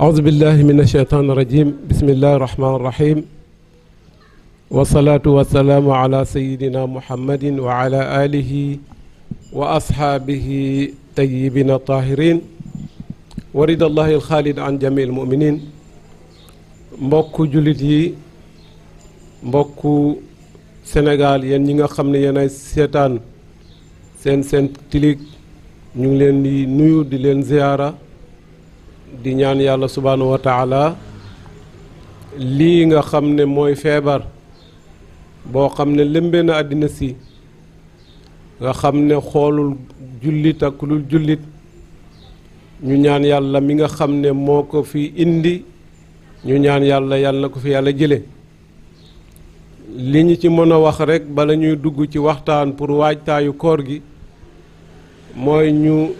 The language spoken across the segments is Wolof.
أعوذ بالله من الشيطان الرجيم بسم الله الرحمن الرحيم والصلاة والسلام على سيدنا محمد وعلى آله وأصحابه طيبين الطاهرين ورد الله الخالد عن جميع المؤمنين mbokku jullit yi mbokku Sénégal yéen ñi nga xam ne yéen ay seetaan seen seen tilig ñu ngi leen di nuyu di leen ziyaara di ñaan yàlla subhaanahu wa taala lii nga xam ne mooy feebar boo xam ne lëmbe na àddina si nga xam ne xoolul jullit ak ku jullit ñu ñaan yàlla mi nga xam ne moo ko fi indi ñu ñaan yàlla yàlla na ko fi yàlla jële li ñu ci mën a wax rekk bala ñuy dugg ci waxtaan pour waajtaayu koor gi mooy ñu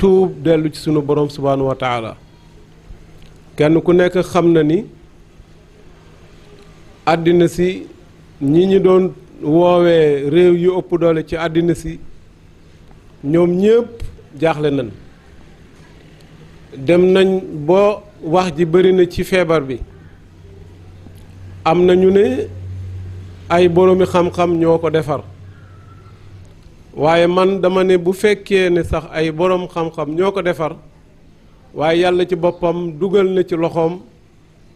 tuub dellu ci sunu borom subaanu wa taala kenn ku nekk xam na ni àddina si ñi ñu doon woowee réew yu ëpp doole ci àddina si ñoom ñëpp jaaxle nañ dem nañ boo wax ji bëri na ci feebar bi am na ñu ne ay boroomi xam-xam ñoo ko defar waaye man dama ne bu fekkee ne sax ay boroom xam-xam ñoo ko defar waaye yàlla ci boppam dugal na ci loxoom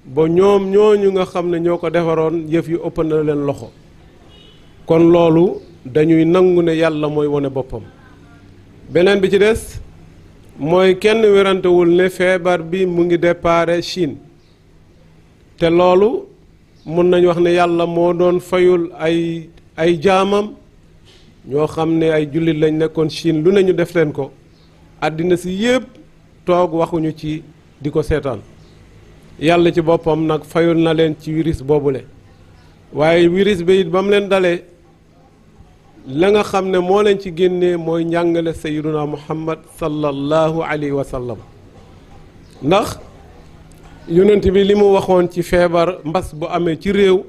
ba ñoom ñooñu nga xam ne ñoo ko defaroon yëf yu ëpp na leen loxo kon loolu dañuy nangu ne yàlla mooy wane boppam beneen bi ci des mooy kenn werantewul ne feebar bi mu ngi déparé Chine te loolu mën nañu wax ne yàlla moo doon fayul ay ay jaamam ñoo xam ne ay jullit lañ nekkoon Chine lu ne ñu def leen ko àddina si yépp toog waxuñu ci di ko seetaan yàlla ci boppam nag fayul na leen ci boobu boobule waaye wiris bi it ba mu leen dalee la nga xam ne moo leen ci génnee mooy njàngale sayyiduna muhammad sallallahu alayhi wa sallam ndax yonent bi li mu waxoon ci feebar mbas bu amee ci réew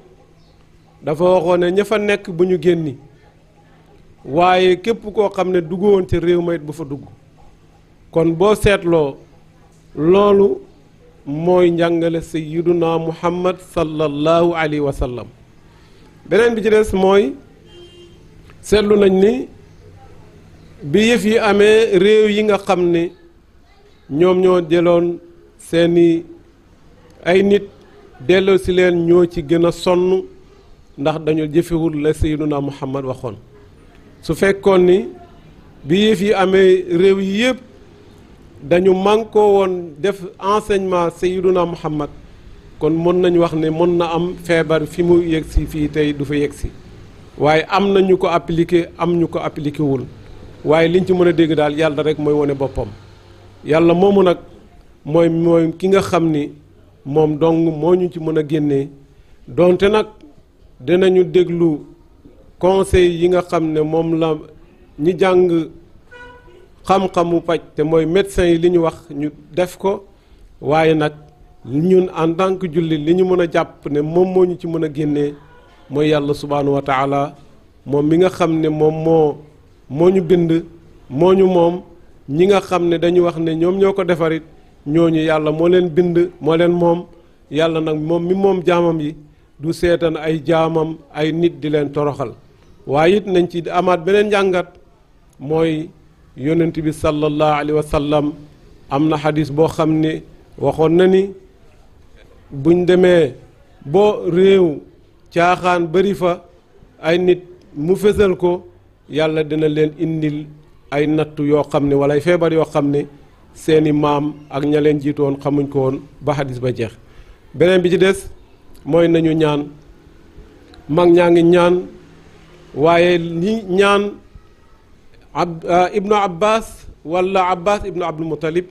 dafa waxoon ne ña fa nekk bu ñu génni waaye képp koo xam ne duggoon ci réew ma bu fa dugg kon boo seetloo loolu mooy njàngale sayyiduna muhammad sallallahu alayhi wa sallam beneen bi ci des mooy seetlu nañ ni bi yëf yi amee réew yi nga xam ne ñoom ñoo jëloon seeni ay nit delloo si leen ñoo ci gën a sonn ndax dañu jëfewul la sayyiduna muhammad waxoon su fekkoon ni bi yëf yi amee réew yi yëpp dañu mànkoo woon def enseignement Sayyiduna Muhammad kon mën nañu wax ne mën na am feebar fi mu yegg si fii tey du fi yegg si waaye am na ñu ko appliqué am ñu ko appliqué wul waaye liñ ci mën a dégg daal yàlla rek mooy wane boppam yàlla moomu nag mooy mooy ki nga xam ni moom dong moo ñu ci mën a génnee donte nag dinañu déglu. conseil yi nga xam ne moom la ñi jàng xam-xamu paj te mooy médecin yi li ñu wax ñu def ko waaye nag ñun en tant que jullit li ñu mën a jàpp ne moom moo ñu ci mën a génnee mooy yàlla subhaanahu wa moom mi nga xam ne moom moo moo ñu bind moo ñu moom ñi nga xam ne dañu wax ne ñoom ñoo ko defarit ñooñu yàlla moo leen bind moo leen moom yàlla nag moom mi moom jaamam yi du seetaan ay jaamam ay nit di leen toroxal waaye it nañ ci amaat beneen njàngat mooy yonent bi sallallahu alayhi wa sallam am na xadis boo xam ne waxoon na ni buñ demee boo réew caaxaan bari fa ay nit mu fësal ko yàlla dina leen indil ay natt yoo xam ne wala ay feebar yoo xam ne seeni maam ak ña leen jiitoon xamuñ ko woon ba xadis ba jeex beneen bi ci des mooy nañu ñaan mag ñaa ngi ñaan waaye ñi ñaan ab euh, ibnu abbas wala abbas ibnu ab muttalib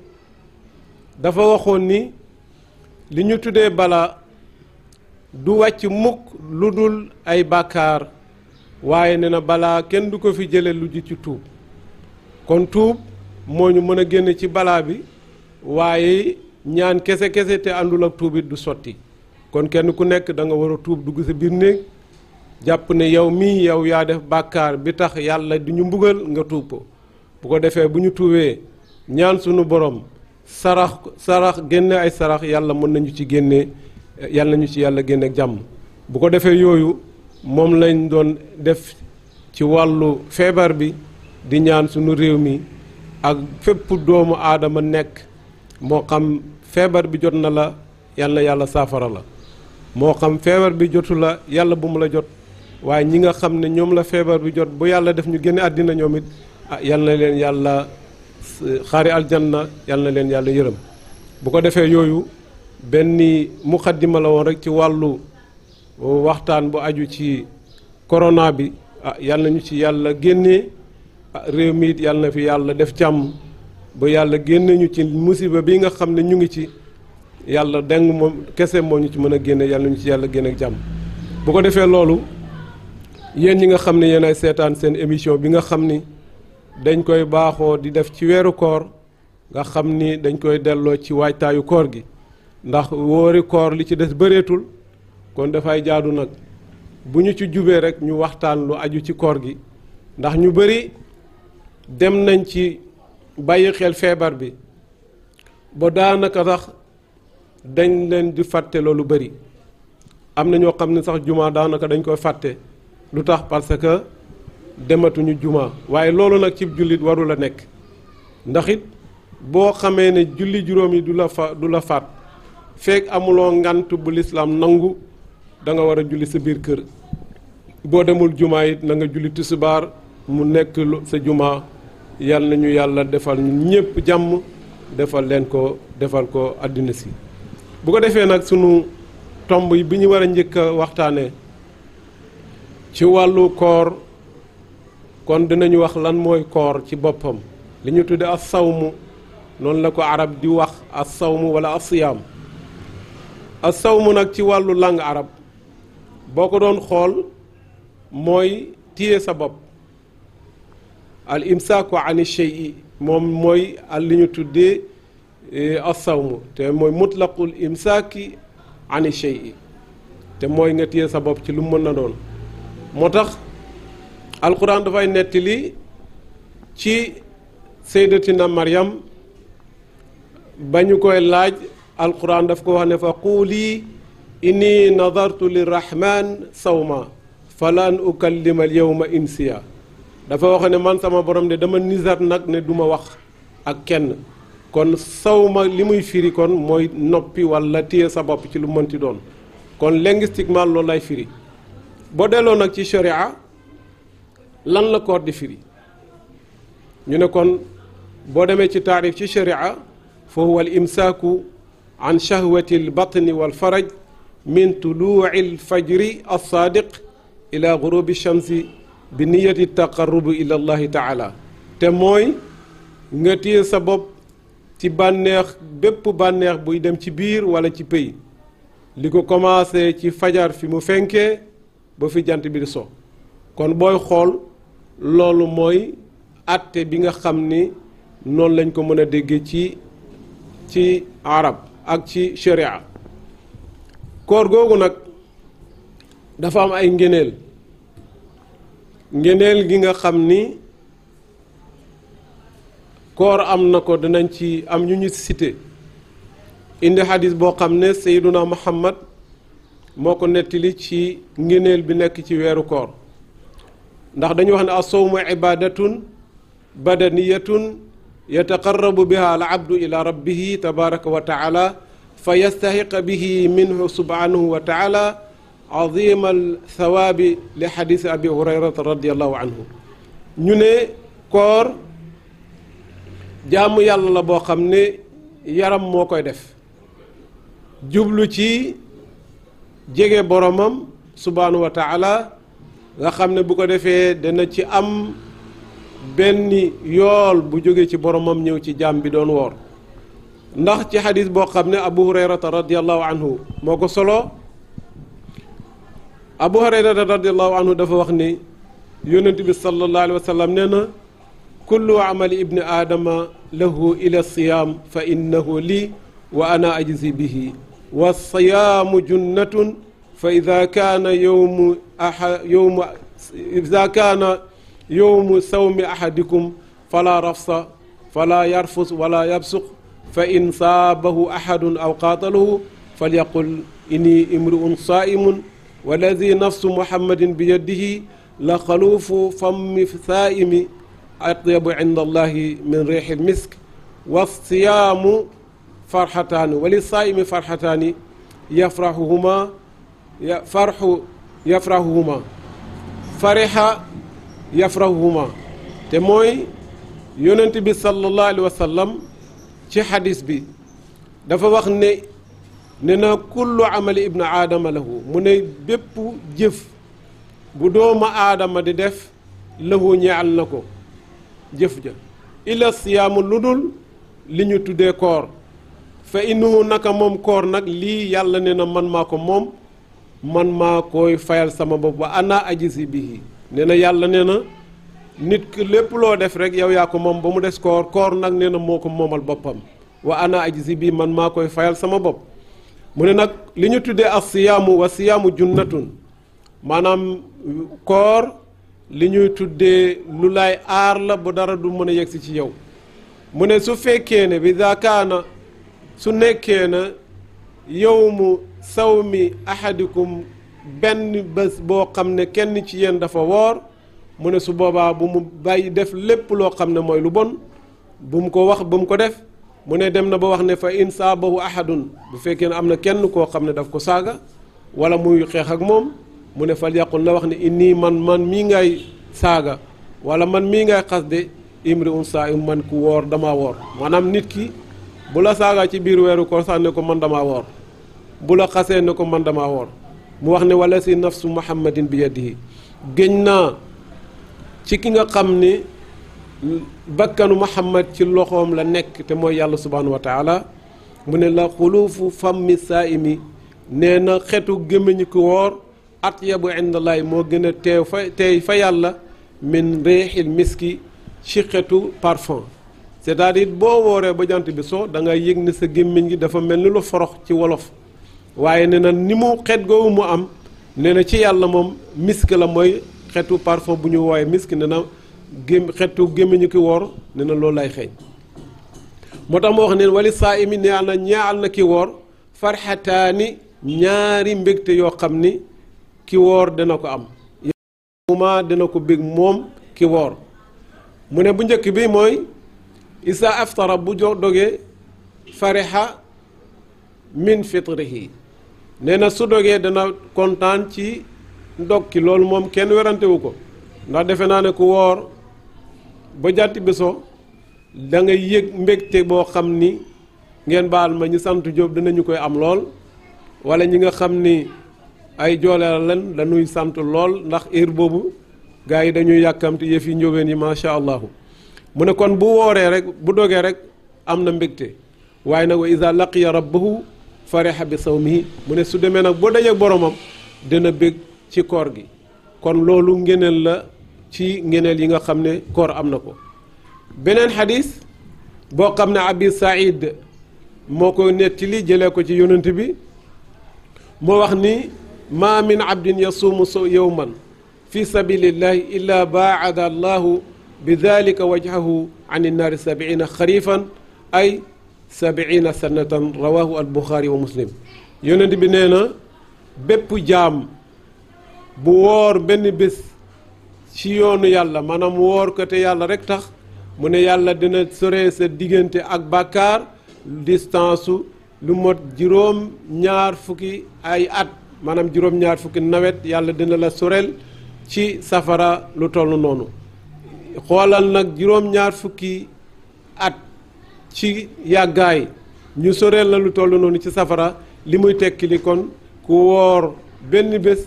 dafa waxoon ni li ñu tuddee balaa du wàcc mukk lu dul ay bàkkaar waaye ne na balaa kenn du ko fi jële lu ji ci tuub kon tuub moo ñu mën a génne ci balaa bi waaye ñaan kese kese te àndul ak tuub du sotti kon kenn ku nekk danga nga war a tuub dugg sa biir néeg jàpp ne yow mii yow yaa def bàkkaar bi tax yàlla di ñu mbugal nga tuub ko bu ko defee bu ñu tuubee ñaan sunu borom sarax sarax génne ay sarax yàlla mën nañu ci génne yàlla nañu ci yàlla génne jàmm bu ko defee yooyu moom lañ doon def ci wàllu feebar bi di ñaan sunu réew mi ak fépp doomu aadama nekk moo xam feebar bi jot na la yàlla yàlla saafara la moo xam feebar bi jotu la yàlla bu mu la jot waaye ñi nga xam ne ñoom la feebar bi jot bu yàlla def ñu génne àddina ñoom it ah, na leen yàlla eh, xaari aljanna yal na leen yàlla yërëm bu ko defee yooyu benn muqaddima la woon rek ci wàllu waxtaan bu aju ci corona bi ah yal na ñu ci yàlla génnee ah réew mi it na fi yàlla def càmm ba yàlla génne ñu ci musiba bi nga xam ne ñu ngi ci yàlla deng moom kese moo ñu ci mën a génne yàlla na ñu ci yàlla génne ak jàmm bu ko defee loolu yéen ñi nga xam ne yéen ay seetaan seen émission bi nga xam ni dañ koy baaxoo di def ci weeru koor nga xam ni dañ koy delloo ci waajtaayu koor gi ndax wóori koor li ci des bëreetul kon dafay jaadu nag bu ñu ci jubee rek ñu waxtaan lu aju ci koor gi ndax ñu bëri dem nañ ci bàyyi xel feebar bi ba daanaka sax dañ leen di fàtte loolu bari am na ñoo xam ne sax jumaa daanaka dañ koy fàtte lu tax parce que dematuñu juma waaye loolu nag ci jullit warul a nekk ndax it boo xamee ne julli juróom yi du la fa du la faat feek amuloo ngant bu lislaam nangu da nga war a julli sa biir kër boo demul jumaa it na nga julli tisbaar mu nekk sa jumaa yal nañu yàlla defal ñun ñépp jàmm defal leen ko defal ko àddina si bu ko defee nag sunu tomb yi bi ñu war a njëkk a waxtaanee ci wàllu koor kon dinañu wax lan mooy koor ci boppam li ñu tudde as mu noonu la ko arab di wax as sawmu wala asiyaam as mu nag ci wàllu langue arab boo ko doon xool mooy téye sa bopp al imsaaku ani shay'i moom mooy li ñu tuddee eh, assawmu te mooy mutlaqul imsaaki ani shay'i te mooy nga téye sa bopp ci lu mën na doon moo tax alxuraan dafay nettali ci sayyidatina Maryam ba ñu koy laaj alquran daf ko wax ne fa quuli inni nadartu lirrahman sawma falan ukallima ma insiya dafa wax ne man sama borom de dama nizar nag ne duma wax ak kenn kon saw ma li muy firi kon mooy noppi wala téye sa bopp ci lu mënti doon kon linguistiquement loolu lay firi boo delloo nag ci sharia lan la koor di firi ñu ne kon boo demee ci taarif ci sharia fa huwa al imsaaku an shahwati al batni wal faraj min tuluuci al fajri alsaadiq ila gurubi shamsi bi niyati taqarrubi ila allahi te mooy nga téye sa bopp ci bànneex bépp bànneex buy dem ci biir wala ci pëy li ko commencé ci fajar fi mu fenkee ba fi jant bi di so kon booy xool loolu mooy àtte bi nga xam ni noonu lañ ko mën a déggee ci ci arab ak ci sharia koor googu nag dafa am ay ngëneel ngëneel gi nga xam ni koor am na ko dinañ ci am ñu ñu cité indi xadis boo xam ne sayduna muhammad moo ko nettali ci ngëneel bi nekk ci weeru koor ndax dañu wax ne as-sawmu ibadatun badaniyatun yataqarrabu biha al abdu ila rabbihi tabaraka wa taala fa yastahiqa bihi minhu subhanahu wa taala azima al li xadis abi hurayrata radiallahu anhu ñu ne koor jàmm yàlla la boo xam ne yaram moo koy def jublu ci jege boromam subhaanahu wa nga xam ne bu ko defee dana ci am benn yool bu jóge ci boromam ñëw ci jaam bi doon woor ndax ci xadis boo xam ne abu hurayrata radiallahu anhu moo ko solo abu hurayrata radiallahu anhu dafa wax ni yónnent bi sallallahu alayhi wa sallam nee na kullu amali ibni aadama lahu ila siyaam fa innahu lii wa ana ajzi bihi wa siyaamu junnatun fa ida kaana yowmu aha yowmu ida kaana yowmu sawmi ahadikum fala rafsa fala yarfus wala yabsuq fa in saabahu ahadun aw qaatalahu falyaqul inni imru'un saa'imun walladi nafsu muhammadin bi yadihi la xaluufu fammi saa'imi atyabu inda allahi min riixi lmisk wa siyaamu farxataani wali saayimi farxataani yafraxuhuma ya farxu yafraxuhuma te mooy yonent bi sallallahu alayhi wa ci xadis bi dafa wax ne ne na kullu amali ibnu aadama lahu mu ne bépp jëf bu dooma aadama di def lahu ñaal na ko jëf ja ila siyaamu lu dul li ñu tuddee koor fa innahu naka moom koor nag lii yàlla ne na man maa ko moom man maa koy fayal sama bopp wa ana ajisi bihi ne na yàlla nee na nit ki lépp loo def rek yow yaa ko moom ba mu des koor koor nag nee na moo ko moomal boppam wa ana ajisi bii man maa koy fayal sama bopp mu ne nag li ñu tuddee as siyaamu wa siyaamu junnatun maanaam koor li ñuy tuddee lu laay aar la bu dara du mën a yegsi ci yow mu ne su fekkee ne bi daa kaana su nekkee na yow mu saw mi ahadikum benn bés boo xam ne kenn ci yéen dafa woor mu ne su boobaa bu mu bàyyi def lépp loo xam ne mooy lu bon bu mu ko wax bu mu ko def mu ne dem na ba wax ne fa in saabahu ahadun bu fekkee ne am na kenn koo xam ne daf ko saaga wala muy xeex ak moom mu ne fal na wax ne indi man man mii ngay saaga wala man mii ngay xas de imri un saa man ku woor dama woor maanaam nit ki bu la saagaa ci biir weeru koor sax ne ko man dama woor bu la xasee ne ko man dama woor mu wax ne wala si nafsu muhammadin bi yadihi géñ naa ci ki nga xam ni bakkanu muhammad ci loxoom la nekk te mooy yàlla subhanahu wa mu ne la xuluufu fammi saaimi nee na xetu gémmiñu ku woor at yabu indallaay moo gën a teew fa teey fa yàlla min réexil miski ci xetu parfum c'est-à-dire boo wooree ba jànt bi soo dangay ngay yëg ni sa gémmiñ gi dafa mel ni lu forox ci wolof waaye nee na ni mu xet googu mu am nee na ci yàlla moom misk la mooy xetu parfum bu ñu wooyee misk nee na xetu gémmiñu ki woor nee na loolu lay xeeñ moo tax moo wax ne wali saa imi nee na ñaal na ki woor farxataani ñaari mbégte yoo xam ni ki woor dina ko am moment dina ko bég moom ki woor mu ne bu njëkk bi mooy isa aftara bu jo dogee fariha min fitrihi nee na su dogee dana kontaan ci ndog ki loolu moom kenn werantewu ko ndax defe naa ne ku woor ba jàtti béso da nga yëg mbégte boo xam ni ngeen baal ma ñu sant Jóob dinañu koy am lool wala ñi nga xam ni ay la lan dañuy sant lool ndax heure boobu gars yi dañuy yàkkamti yëf yi njóobeen yi macha allahu mu ne kon bu wooree rek bu dogee rek am na mbégte waaye nag wa iza laqiya rabbahu fariha bi mi mu ne su demee nag boo dajee boromam dina bég ci koor gi kon loolu ngeneel la ci ngeneel yi nga xam ne koor am na ko beneen xadis boo xam ne abi saïd moo ko nettali jëlee ko ci yonent bi moo wax ni ma min abdin yasuumu man fi sabilillahi illa baada allahu bi dalika wajhahu an innaari sabiina xarifan ay sabiina sanatan rawahu al buxaari wa muslim yonent bi nee na bépp jaam bu woor benn bés ci yoonu yàlla maanaam woor ko te yàlla rekk tax mu ne yàlla dina sore sa diggante ak bàkkaar distance lu mot juróom ñaar fukki ay at maanaam juróom ñaar fukki nawet yàlla dina la soreel ci safara lu toll noonu xoolal nag juróom-ñaar fukki at ci yàggaay ñu soreel la lu toll noonu ci safara li muy tekki li kon ku woor benn bés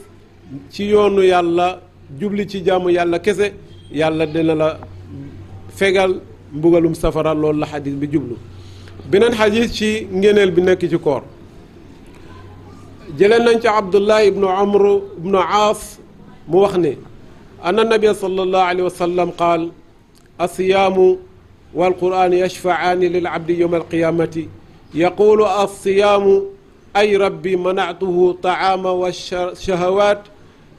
ci yoonu yàlla jubli ci jàmm yàlla kese yàlla dina la fegal mbugalum safara lool la xadis bi jublu beneen xadis ci ngeneel bi nekk ci koor jëlee nañ ci abdullah ibnu amr ibnu aas mu wax ne anna nabia sallallahu alayhi wa sallam qaal alsiyaamu walqur'aan yashfacaani lilabdi yowma alqiyaamati yaquulu alsiyaamu ay rabbi manactuhu tacaama washahawaat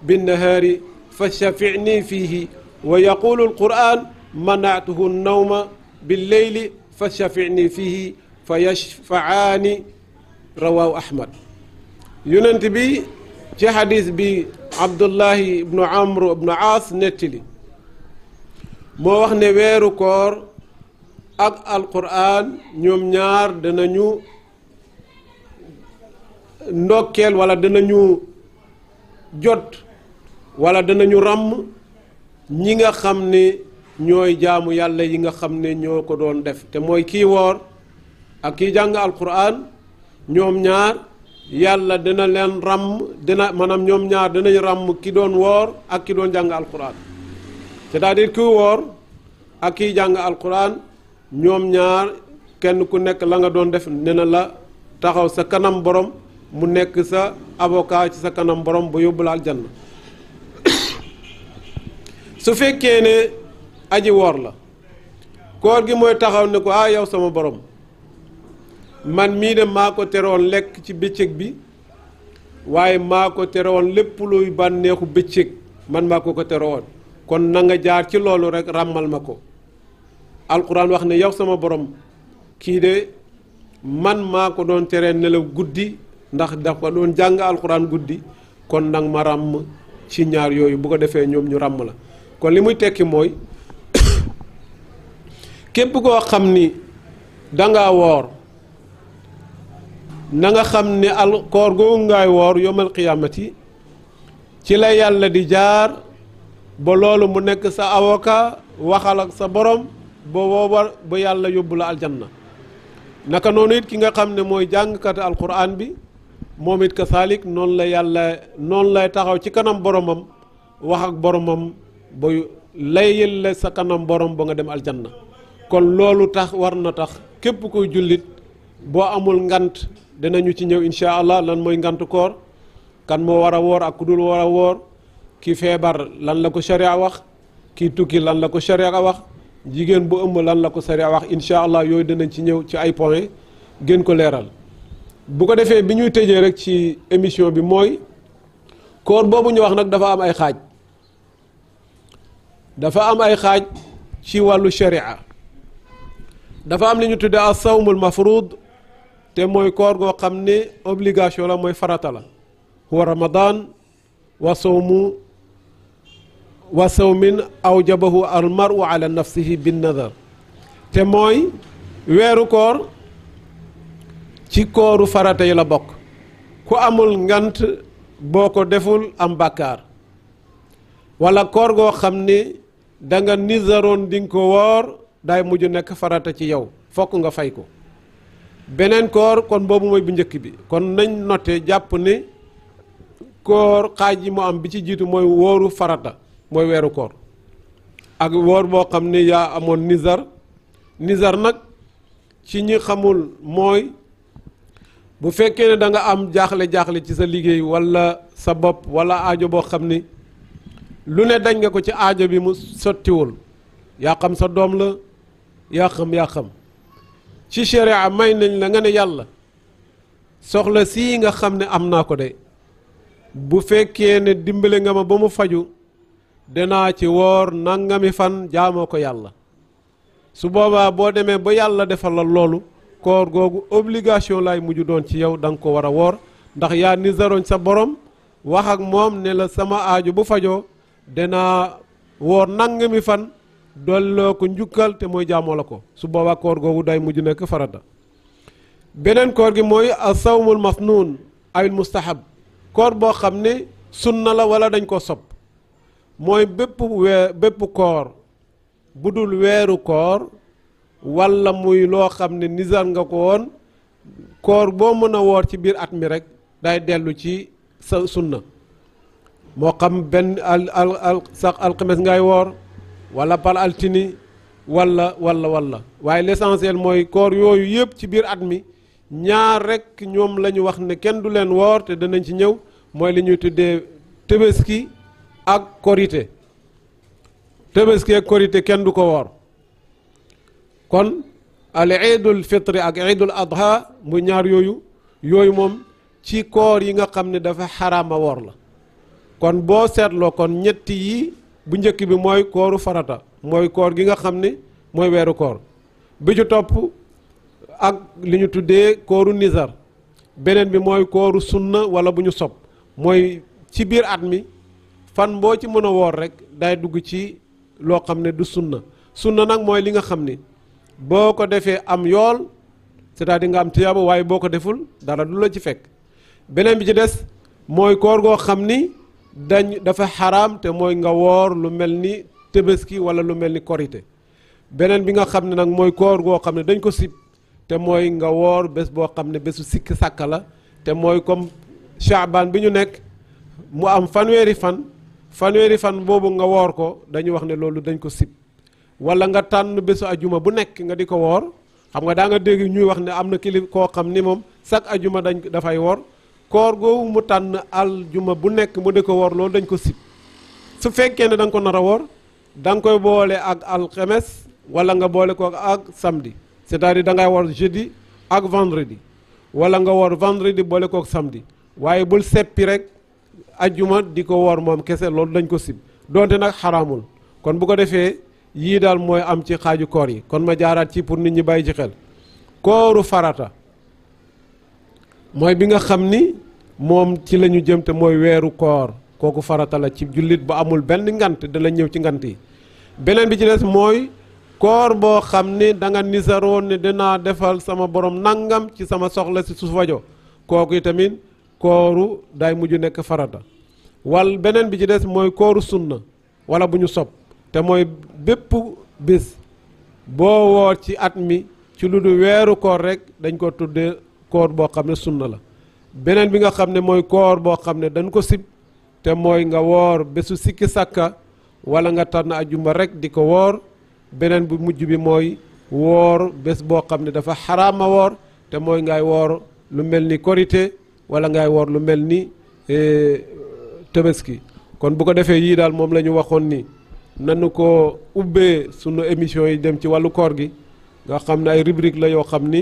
binnahaari fashaficnii fiihi wa yaquulu alqur'aan manactuhu nawma billeyli fashaficnii fiihi fa yashfacaani rawaahu ahmad yonent bi ci xadis bi abdullahi ibnu amru ibnu aas nettali moo wax ne weeru koor ak alxuraan ñoom ñaar danañu ndokkeel wala danañu jot wala danañu ràmm ñi nga xam ne ñooy jaamu yàlla yi nga xam ne ñoo ko doon def te mooy kii woor ak kii jàng alquran ñoom ñaar yàlla dina leen ràmm dina manam ñoom ñaar dinañ ràmm ki doon woor ak ki doon jàng alquran c'est-à-dire woor ak kiy jàng alquran ñoom ñaar kenn ku nekk la nga doon def ne na la taxaw sa kanam borom mu nekk sa avocat ci sa kanam borom ba yóbbu la aljanna su fekkee ne aji woor la koor gi mooy taxaw ne ko ah yow sama boroom man mii de maa ko teroon lekk ci bëccëg bi waaye maa ko teroon lépp luy bànneexu bëccëg man maa ko ko tere woon kon nanga jaar ci loolu rek ràmmal ma ko alquran wax ne yow sama borom kii de man maa ko doon teree nelaw guddi ndax dafa doon jàng alquran guddi kon nag ma ràmm ci ñaar yooyu bu ko defee ñoom ñu ràmm la kon li muy tekki mooy képp koo xam ni danga woor na nga xam ni al koor googu ngaay woor yomal qiyaamati ci la yàlla di jaar ba loolu mu nekk sa avocat waxal ak sa borom ba booba ba yàlla yóbbu la aljanna naka noonu it ki nga xam ne mooy jàngkati alquran bi moom it kasaalik noonu la yàlla noonu lay taxaw ci kanam boromam wax ak boromam ba layil la sa kanam borom ba nga dem aljanna kon loolu tax war na tax képp koy jullit boo amul ngant dinañu ci ñëw incha allah lan mooy ngantu koor kan moo war a woor ak ku dul war a woor ki feebar lan la ko sharia wax kii tukki lan la ko sharia wax jigéen bu ëmb lan la ko sharia wax incha allah yooyu dinañ ci ñëw ci ay point gën ko leeral bu ko defee bi ñuy tëjee rek ci émission bi mooy koor boobu ñu wax nag dafa am ay xaaj dafa am ay xaaj ci wàllu sharia dafa am li ñu tuddee as sawmul mafruud te mooy koor goo xam ne obligation la mooy farata la huwa ramadan wa sawmu wa sawmin awjabahu almaru ala nafsihi bin nadar te mooy weeru koor ci kooru farata yi la bokk ku amul ngant boo ko deful am bàkkaar wala koor goo xam ni danga nga dinga ko woor day mujj nekk farata ci yow fokk nga fay ko beneen koor kon boobu mooy bu njëkk bi kon nañ notte jàpp ne koor xaaj yi mu am bi ci jiitu mooy wóoru farata mooy weeru koor ak wóor boo xam ne yaa amoon nisar nisar nag ci ñi xamul mooy bu fekkee ne danga am jaaxle-jaaxle ci sa liggéey walla sa bopp walla aajo boo xam ni lu ne dañ nga ko ci aajo bi mu sottiwul yaa xam sa doom la yaa xam yaa xam ci sharia may nañ la nga ne yàlla soxla sii nga xam ne am naa ko de bu fekkee ne dimbale nga ma ba mu faju danaa ci woor nangami fan jaamoo ko yàlla su boobaa boo demee ba yàlla defal la loolu koor googu obligation lay mujj doon ci yow da nga ko war a woor ndax yaa ni sa borom wax ak moom ne la sama aajo bu fajoo danaa woor nangami fan dolloo ko njukkal te mooy jaamoo la ko su booba koor googu day mujj nekk farata beneen koor gi mooy asawmul masnuun awil mustahab koor boo xam ne sunna la wala dañ ko sob mooy bépp weer bépp koor bu dul weeru koor wala muy loo xam ne nisar nga ko woon koor boo mën a woor ci biir at mi rek day dellu ci sa sunna moo xam benn al al sax alxames ngay woor wala par altine walla wala wala waaye l'essentiel mooy koor yooyu yëpp ci biir at mi ñaar rek ñoom la ñu wax ne kenn du leen woor te danañ ci ñëw mooy li ñuy tuddee tëbëski ak korite tëbëski ak korite kenn du ko woor kon al iidul fitri ak iidul adha muy ñaar yooyu yooyu moom ci koor yi nga xam ne dafa xaraama woor la kon boo seetloo kon ñetti yi bu njëkk bi mooy kooru farata mooy koor gi nga xam ni mooy weeru koor bi ci topp ak li ñu tuddee kooru nizar beneen bi mooy kooru sunna wala bu ñu sob mooy ci biir at mi fan boo ci mën a woor rek day dugg ci loo xam ne du sunna sunna nag mooy li nga xam ni boo ko defee am yool c'est-à-dire nga am tiyaaba waaye boo ko deful dara du la ci fekk beneen bi ci des mooy koor goo xam ni dañ dafa xaraam te mooy nga woor lu mel ni tëbaski wala lu mel ni korite beneen bi nga xam ne nag mooy koor goo xam ne dañ ko sib te mooy nga woor bés boo xam ne bésu sikk sàkka la te mooy comme chaabaan bi ñu nekk mu am fanweeri fan fanweeri fan boobu nga woor ko dañu wax ne loolu dañ ko sib wala nga tànn bésu ajuma bu nekk nga di ko woor xam nga daa nga dégg ñuy wax ne am na kilif koo xam ni moom chaque ajuma dañ dafay woor koor googu mu tànn juma bu nekk mu di ko wor loolu dañ ko sib su fekkee ne da nga ko nar a woor da koy boole ak alxemes walla nga boole ko ak samedi c'est-à-dire da ngay woor jeudi ak vendredi wala nga woor vendredi boole ko ak samedi waaye bul seppi rek juma di ko wor moom kese loolu dañ ko sib donte nag xaraamul kon bu ko defee yii daal mooy am ci xaaju koor yi kon ma jaaraat ci pour nit ñi bàyyi ci xel kooru farata mooy bi nga xam ni moom ci la ñu jëm te mooy weeru koor kooku farata la ci jullit bu amul benn ngant dana ñëw ci ngant yi beneen bi ci des mooy koor boo xam ni danga nga nisaroon ne dinaa defal sama boroom nangam ci sama soxla si su fajo kooku yi tamit kooru day mujj nekk farata wal beneen bi ci des mooy kooru sunna wala bu ñu sob te mooy bépp bis boo woor ci at mi ci lu du weeru koor rek dañ ko tudde koor boo xam ne sunna la beneen bi nga xam ne mooy koor boo xam ne dañ ko sib te mooy nga woor bésu sikki sàkka wala nga tànn ajuma rek di ko woor beneen bu mujj bi mooy woor bés boo xam ne dafa xaraama woor te mooy ngay woor lu mel ni korité wala ngay woor lu mel ni e, tabaski kon bu ko defee yii daal moom la ñu waxoon ni nanu ko ubbee sunu émission yi dem ci wàllu koor gi nga xam ne ay rubrique la yoo xam ni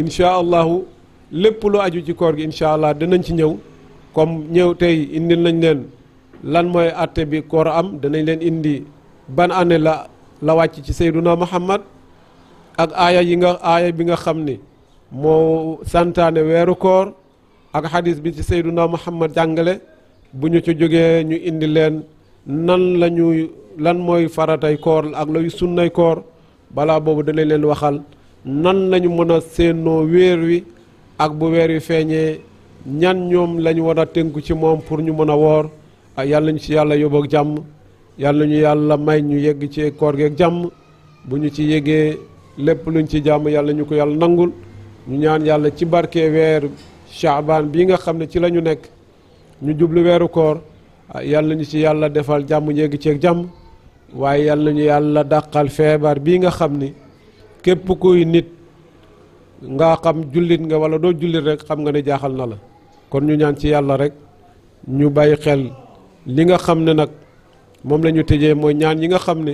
incha allahu lépp lu aju ci koor gi incha allah dinañ ci ñëw comme ñëw tey indi nañ leen lan mooy atte bi koor am danañ leen indi ban année la la wàcc ci Seyduna Muhammad ak aaya yi nga aaya bi nga xam ni moo santaane weeru koor ak xadis bi ci Seyduna Muhammad jàngale bu ñu ci jógee ñu indi leen nan lañu lan mooy faratay koor ak luy sunnay koor balaa boobu danañ leen waxal nan lañu mën a séenoo weer wi ak bu weer wi feeñee ñan ñoom lañu war a tënku ci moom pour ñu mën a woor ah, yàlla ñu ci yàlla yóbbu jàmm yàlla ñu yàlla may ñu yegg ci koor gi jàmm bu ñu ci yeggee lépp luñ ci jàmm yàlla ñu ko yàlla nangul ñu ñaan yàlla ci barke weer Shaabaan bii nga xam ne ci lañu nekk ñu jublu weeru koor ah, yàlla ñu ci yàlla defal jàmm yegg ci jàmm waaye yàlla nañu yàlla dàqal feebar bii nga xam ni képp kuy nit nga xam jullit nga wala doo jullit rek xam nga ne jaaxal na la kon ñu ñaan ci yàlla rek ñu bàyyi xel li nga xam ne nag moom lañu ñu mooy ñaan yi nga xam ne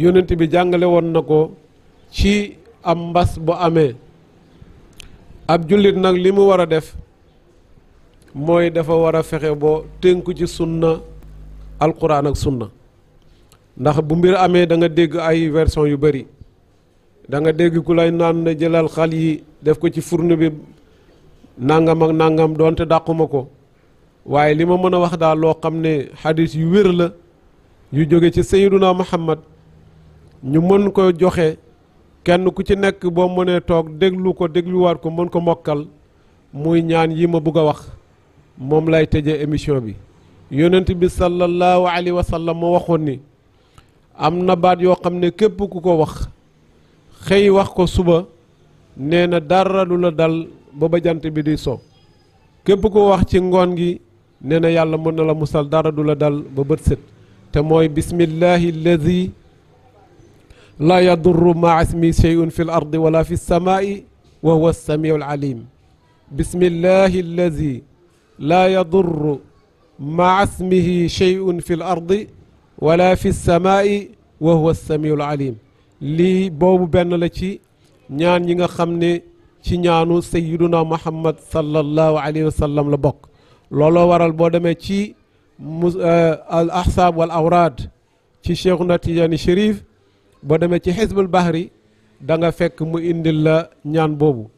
yónnent bi jàngale woon na ko ci am mbas bu amee ab jullit nag li mu war a def mooy dafa war a fexe boo tënku ci sunna alquran ak sunna ndax bu mbir amee danga nga dégg ay version yu bari da nga dégg ku lay naan ne jëlal xal yi def ko ci furnu bi nangam ak nangam doonte dàquma ko waaye li ma mën a wax daal loo xam ne xadis yu wér la yu jóge ci Sayyiduna Muhammad ñu mën ko joxe kenn ku ci nekk boo mënee toog déglu ko dégluwaat ko mën ko mokkal muy ñaan yi ma bugg a wax moom lay teje émission bi yonent bi sallallahu alayhi wa sallam moo waxoon ni am na baat yoo xam ne képp ku ko wax xëy wax ko suba nee na dara lu la dal ba ba jant bi di so képp ko wax ci ngoon gi nee na yàlla mën na la musal dara du la dal ba bët set te mooy bismillahi alladi laa yadurru maa ismi sheyun fi l ardi wala fi lsamaai wa huwa alsamiu alalim bismillahi alladi laa yadurru maa ismihi sheyun fi l ardi wala fi lsamaai wa huwa alsamiu alalim lii boobu benn la ci ñaan yi nga xam ne ci ñaanu sayyiduna muhammad sallallahu alayhi wa sallam la bokk looloo waral boo demee ci mus eh, al ahsaab wal awraad ci cheikhuna tijaani chérif boo demee ci xisbul bahri da nga fekk mu indil la ñaan boobu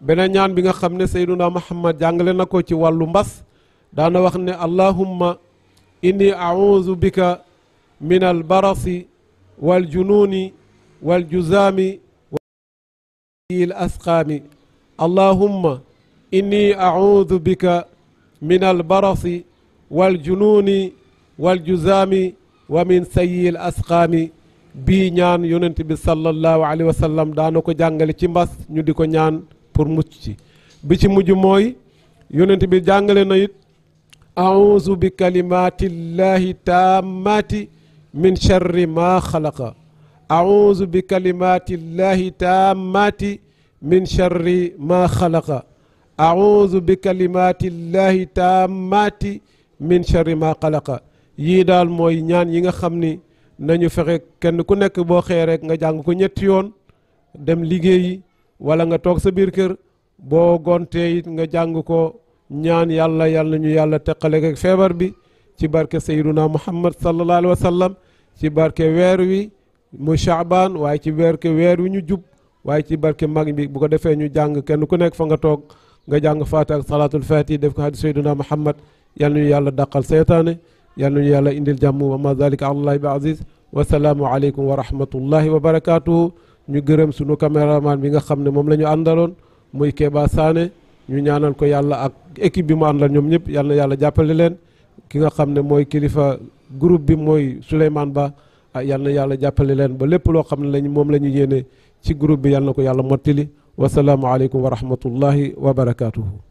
beneen ñaan bi nga xam ne sayyiduna muhammad jàngale na ko ci wàllu mbas daana wax ne allahumma inni a'uuzu bika min barasi wal junuuni والجزام الأسقام اللهم إني أعوذ بك من البرص والجنون والجزام ومن سيء الأسقام bii ñaan yonent bi sallallahu alayhi wa sallam daana ko jàngale ci mbas ñu di ko ñaan pour mucc ci bi ci mujj mooy yonent bi jàngale na it auzu bi kalimatillahi taammaati min charri ma xalaqa auzu bi kalimaati llahi taammaati min charri ma xalaqa auzu bi kalimaati taammaati min charri ma xalaqa yii daal mooy ñaan yi nga xam ni nañu fexe kenn ku nekk boo xëyee rekk nga jàng ko ñetti yoon dem liggéeyi wala nga toog sa biir kër boo gontee nga jàng ko ñaan yàlla yàlla ñu yàlla teqale ak feebar bi ci barke sayyiduna muhammad sallallahu alayhi wa sallam ci barke weer wi muy Chaabaan waaye ci weer ke weer wi ñu jub waaye ci barke mag bi bu ko defee ñu jàng kenn ku nekk fa nga toog nga jàng faati ak salaatul faati def ko hadis sayduna muhammad yal nañu yàlla dàqal seytaane yal ñu yàlla indil jàmm wa ma zalika allahi bi aziz wasalaamu aleykum wa rahmatullahi wa barakaatuhu ñu gërëm sunu caméraman bi nga xam ne moom la ñu àndaloon muy Kéba Sané ñu ñaanal ko yàlla ak équipe bi mu àndal ñoom ñëpp yàlla yàlla jàppale leen ki nga xam ne mooy kilifa groupe bi mooy Souleymane Ba ah yal na yàlla jàppale leen ba lépp loo xam ne lañu moom la ñu yéene ci groupe bi yal na ko yàlla mottali wasalaamualeykum wa rahmatullahi wa barakaatuhu.